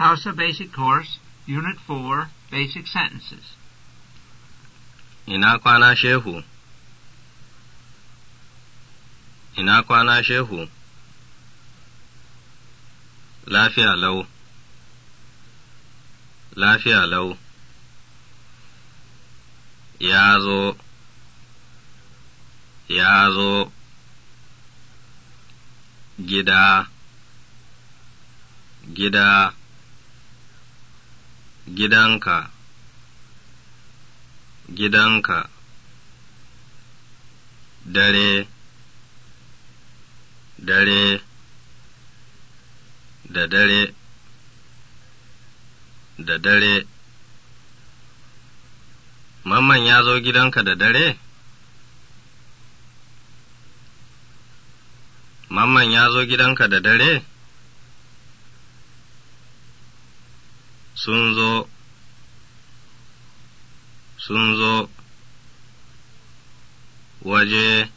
House of Basic Course, Unit 4, Basic Sentences. Ina kwana Shehu. Ina kwana Shehu. Lafiya lau. Lafiya lau. Ya zo. Gida. Gida. gidanka gidanka dare dare da dare da dare mamman ya zo gidanka da dare mamman ya zo gidanka da dare sun zo sun zo waje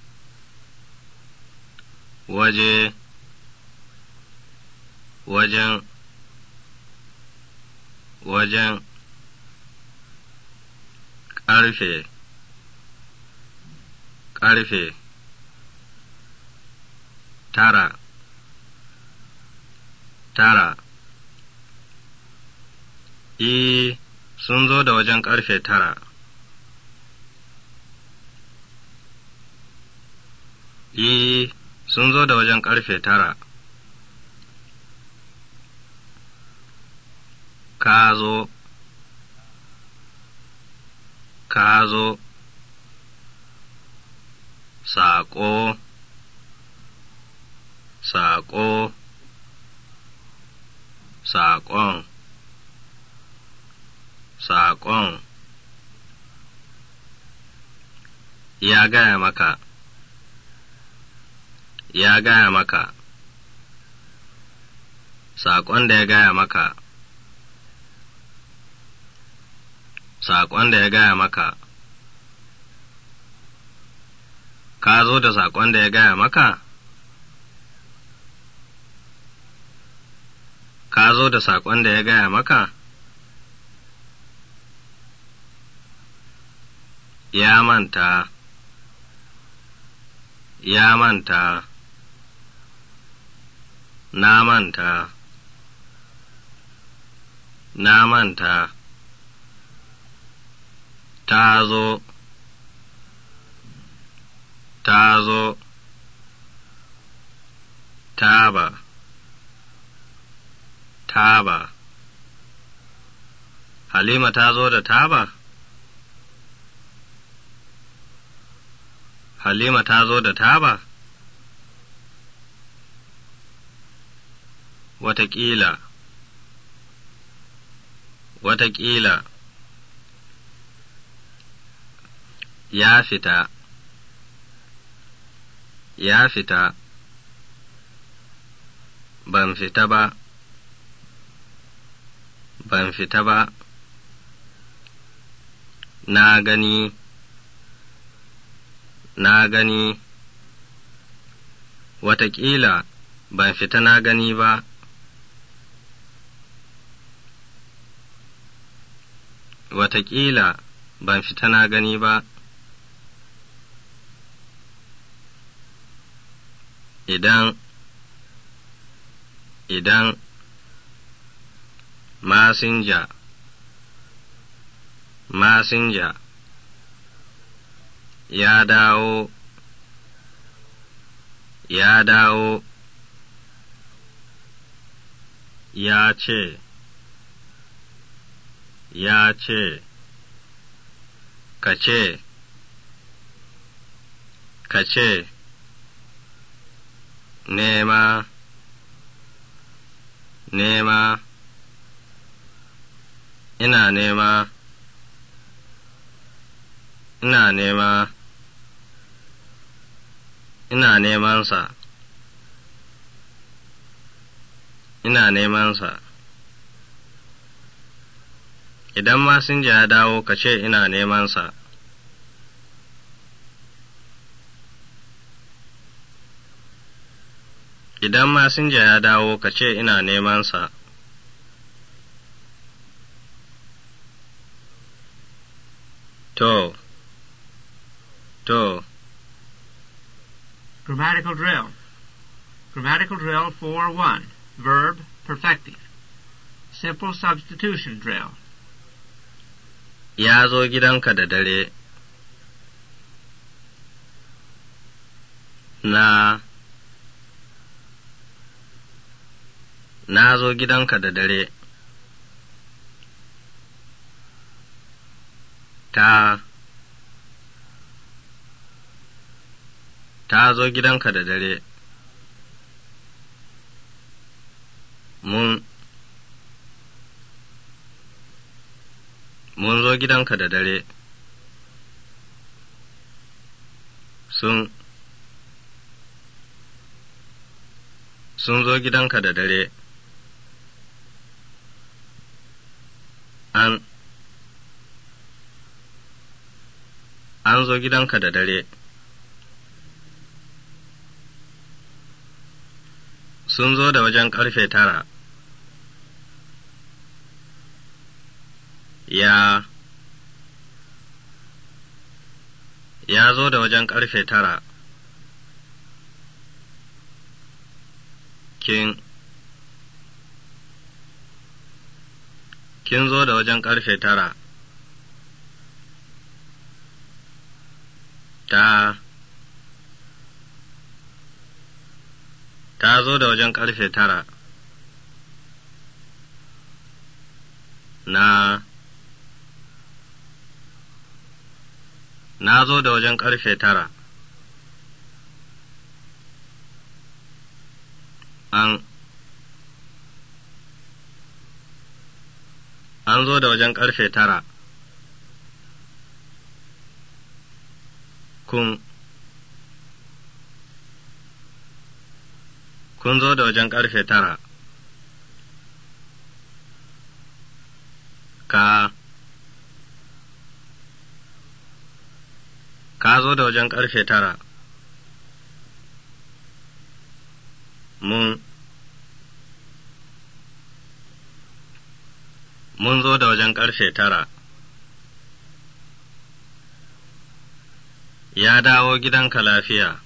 waje wajen wajen ƙarfe ƙarfe tara tara Eh, sun zo da wajen ƙarfe tara. Eh, sun zo da wajen ƙarfe tara. Ka zo, ka zo, saƙo. ya gaya maka, ya gaya maka, saƙon da ya gaya maka, saƙon da ya gaya maka, ka zo da saƙon da ya gaya maka? Ka zo da saƙon da ya gaya maka? Ya manta. ya manta, na manta, na manta, ta zo, ta zo, taba, taba, Halima ta zo da taba? Halima ta zo da taba? Wataƙila, wataƙila, ya fita, ya fita, ban fita ba, ban fita ba, na gani. na gani, wataƙila ban fita na gani ba, wataƙila ban fita na gani ba, idan, idan, masinja, masinja. ya dawo ya dawo ya ce ya ce ka ce ka ce nema nema ina nema ina nema ina sa ina sa idan masinja ya dawo ka ce ina neman sa. idan masinja ya dawo ka ce ina neman sa. to To Grammatical drill. Grammatical drill 4-1. Verb, perfective. Simple substitution drill. Ya zo gidanka da dare. Na. Na zo gidanka da dare. Ta. ta zo gidanka da dare, mun, mun zo gidanka da dare, sun, sun zo gidanka da dare, an, an zo gidanka da dare. sun zo da wajen ƙarfe tara. Ya ya zo da wajen ƙarfe tara. Kin Kin zo da wajen ƙarfe tara. Ta ta zo da wajen ƙarfe tara na na zo da wajen ƙarfe tara an an zo da wajen ƙarfe tara kun kun zo da wajen ƙarfe tara. Ka Ka zo da wajen ƙarfe tara. Mun Mun zo da wajen ƙarfe tara. Ya dawo gidanka lafiya.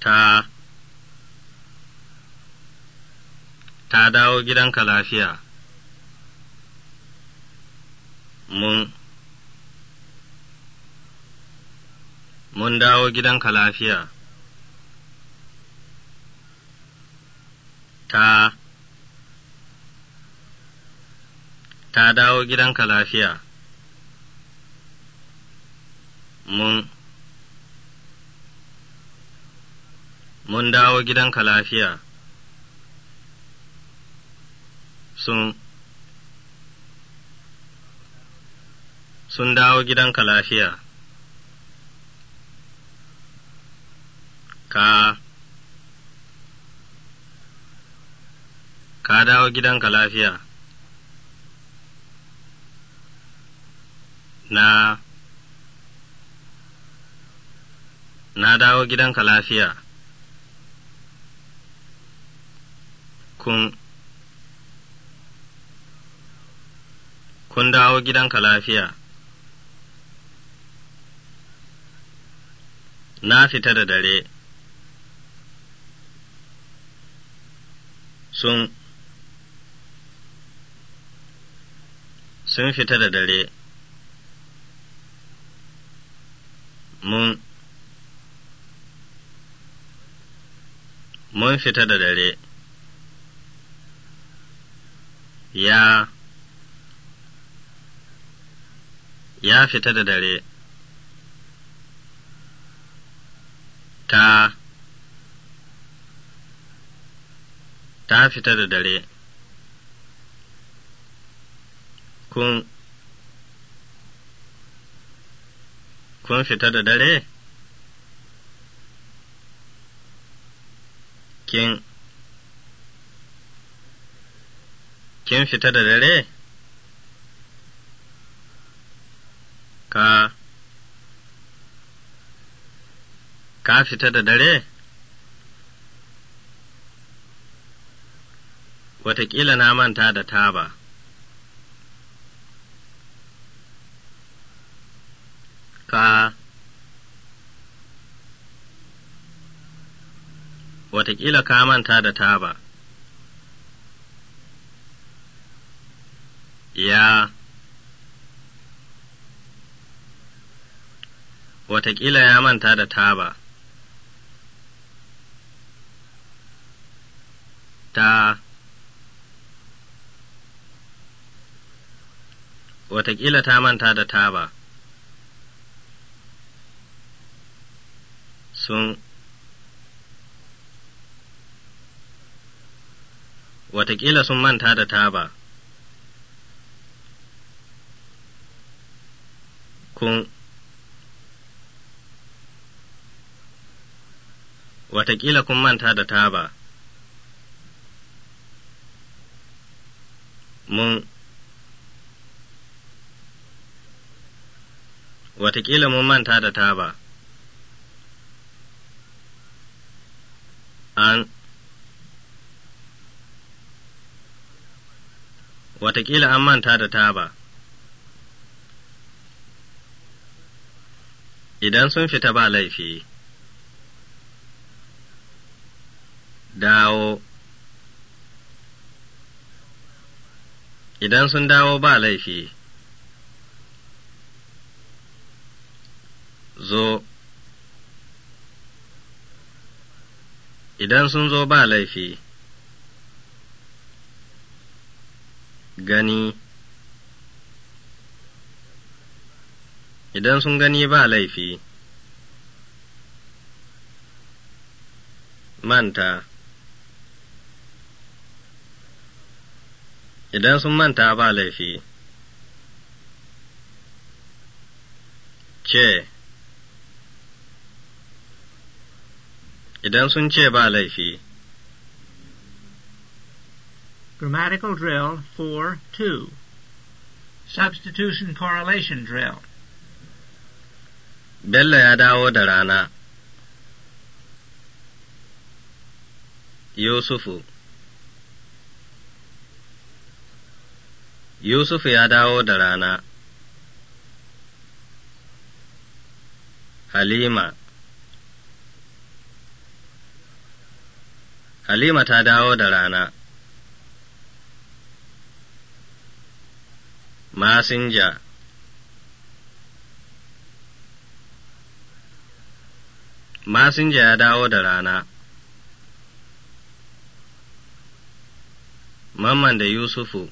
ta ta dawo gidanka lafiya mun mun dawo gidanka lafiya ta ta dawo gidanka lafiya mun mun dawo gidanka lafiya sun sun dawo gidanka lafiya ka ka dawo gidanka lafiya na na dawo gidanka lafiya kun kun dawo gidanka lafiya na fita da dare sun sun fita da dare mun mun fita da dare ya ya fita da dare ta ta fita da dare kun kun fita da dare kin kin fita da dare? Ka, ka fita da dare? Wataƙila na manta da taba. Ka, wataƙila ka manta da taba. ya watakila ya manta da taba ta watakila ta manta da taba sun watakila sun manta da taba kun watakila kun manta da taba mun watakila mun manta da taba an watakila an manta da taba idan sun fita ba laifi, dawo, idan sun dawo ba laifi, zo, idan sun zo ba laifi, gani. idan sun gani ba laifi manta idan sun manta ba laifi ce idan sun ce ba laifi Grammatical drill 4-2 Substitution correlation drill Bello ya dawo da rana. Yusufu Yusufu ya dawo da rana. Halima Halima ta dawo da rana. Masinja masinja ya dawo da rana. Mamman da Yusufu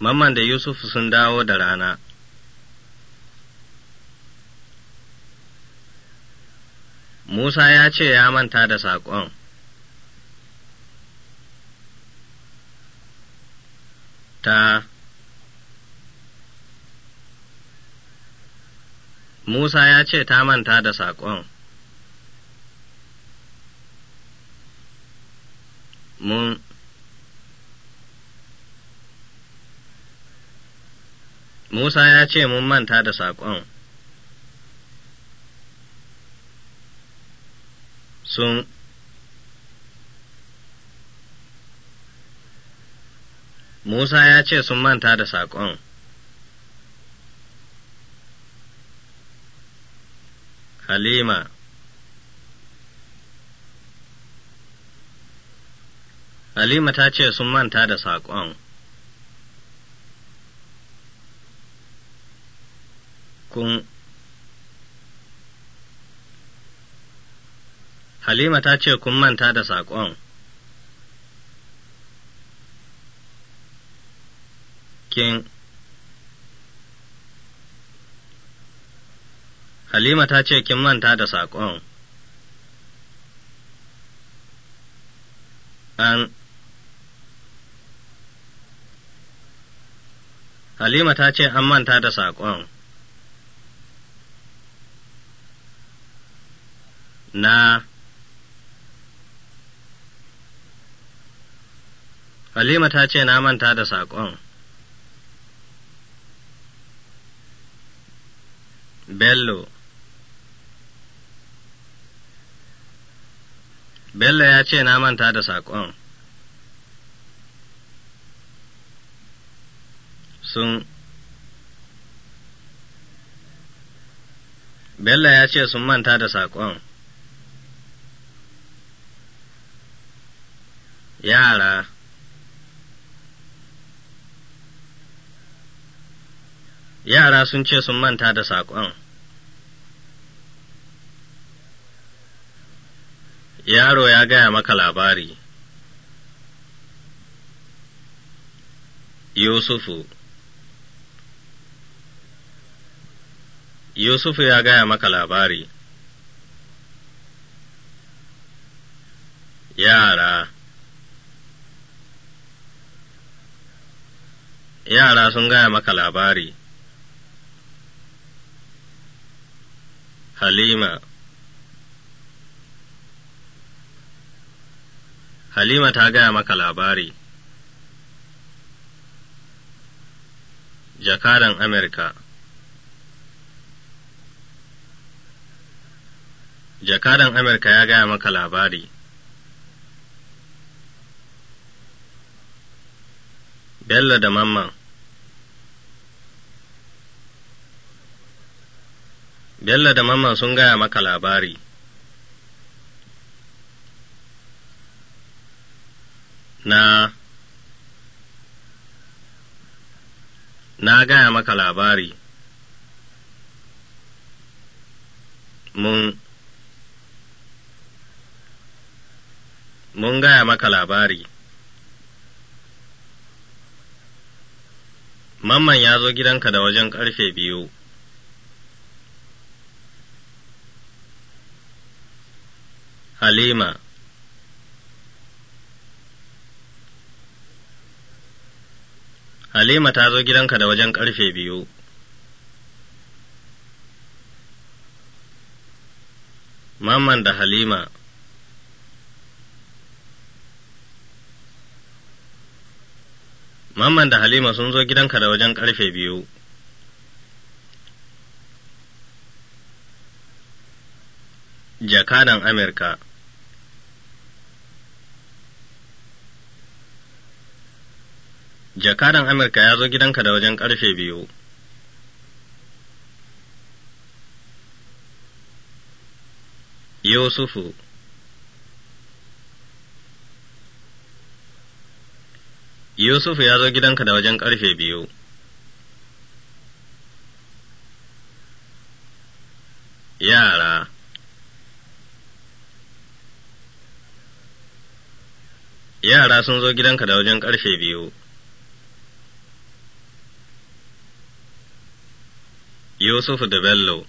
Mamman da Yusufu sun dawo da rana. Musa ya ce ya manta da saƙon. Ta Musa ya ce ta manta da saƙon. Mun Musa ya ce mun manta da saƙon. Sun Musa ya ce sun manta da saƙon. Halima Halima ta ce sun manta da Kun Halima ta ce kun manta da saƙon. Kin Halima ta ce kin manta da saƙon. An Halima ta ce an manta da saƙon. Na Halima ta ce na manta da saƙon. Bello Bello ya ce na manta da saƙon. Sun Bello ya ce sun manta da saƙon. Yara Yara sun ce sun manta da saƙon. yaro ya gaya maka labari. Yusufu Yusufu ya gaya maka labari. Yara Yara sun gaya maka labari. Halima Halima ta gaya maka labari. Jakaran Amerika Jakaran Amerika ya gaya maka labari. Bello da Mamman Bello da Mamman sun gaya maka labari. na na gaya maka labari mun mun gaya maka labari mamman ya zo gidanka da wajen ƙarfe biyu halima Halima ta zo gidanka da wajen ƙarfe biyu. Mamman da Halima Maman da Halima sun zo gidanka da wajen ƙarfe biyu. Jakadan Amurka Jakadan Amurka ya zo gidanka da wajen ƙarfe biyu. Yusufu Yusufu ya zo gidanka da wajen ƙarfe biyu. Yara Yara sun zo gidanka da wajen ƙarfe biyu. Yusuf da Bello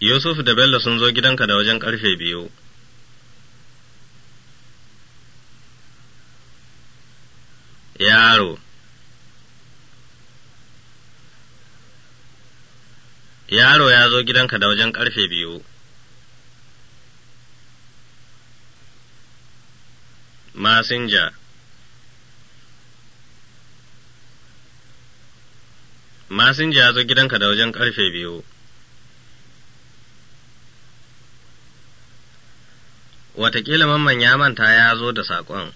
Yusuf da Bello sun zo gidanka da wajen ƙarfe biyu. Yaro Yaro ya zo gidanka da wajen ƙarfe biyu. Masinja masinja ya zo gidanka da wajen karfe biyu watakila mamman ya manta ya zo da saƙon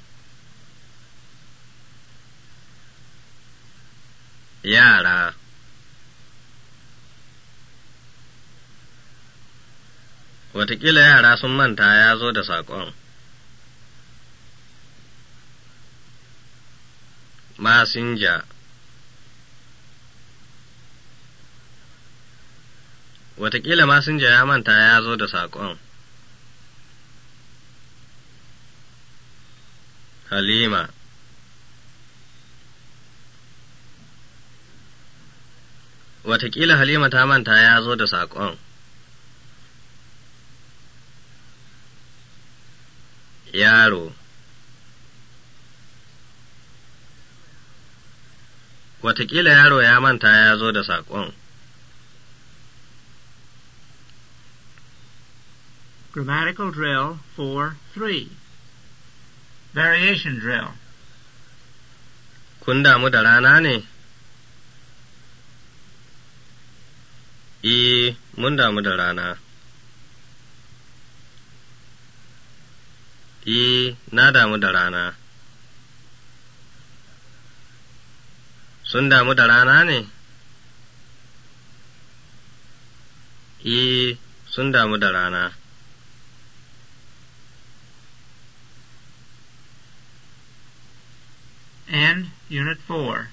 yara watakila yara sun manta ya zo da saƙon masinja wataƙila masinja ya manta ya zo da saƙon. Halima Wataƙila Halima ta manta ya zo da saƙon. Yaro Wataƙila yaro ya manta ya zo da saƙon. Grammatical drill 4-3. Variation drill. Kun damu da rana ne? E, mun damu da rana. E, na damu da rana. Sun damu da rana ne? sun damu da rana. and Unit 4.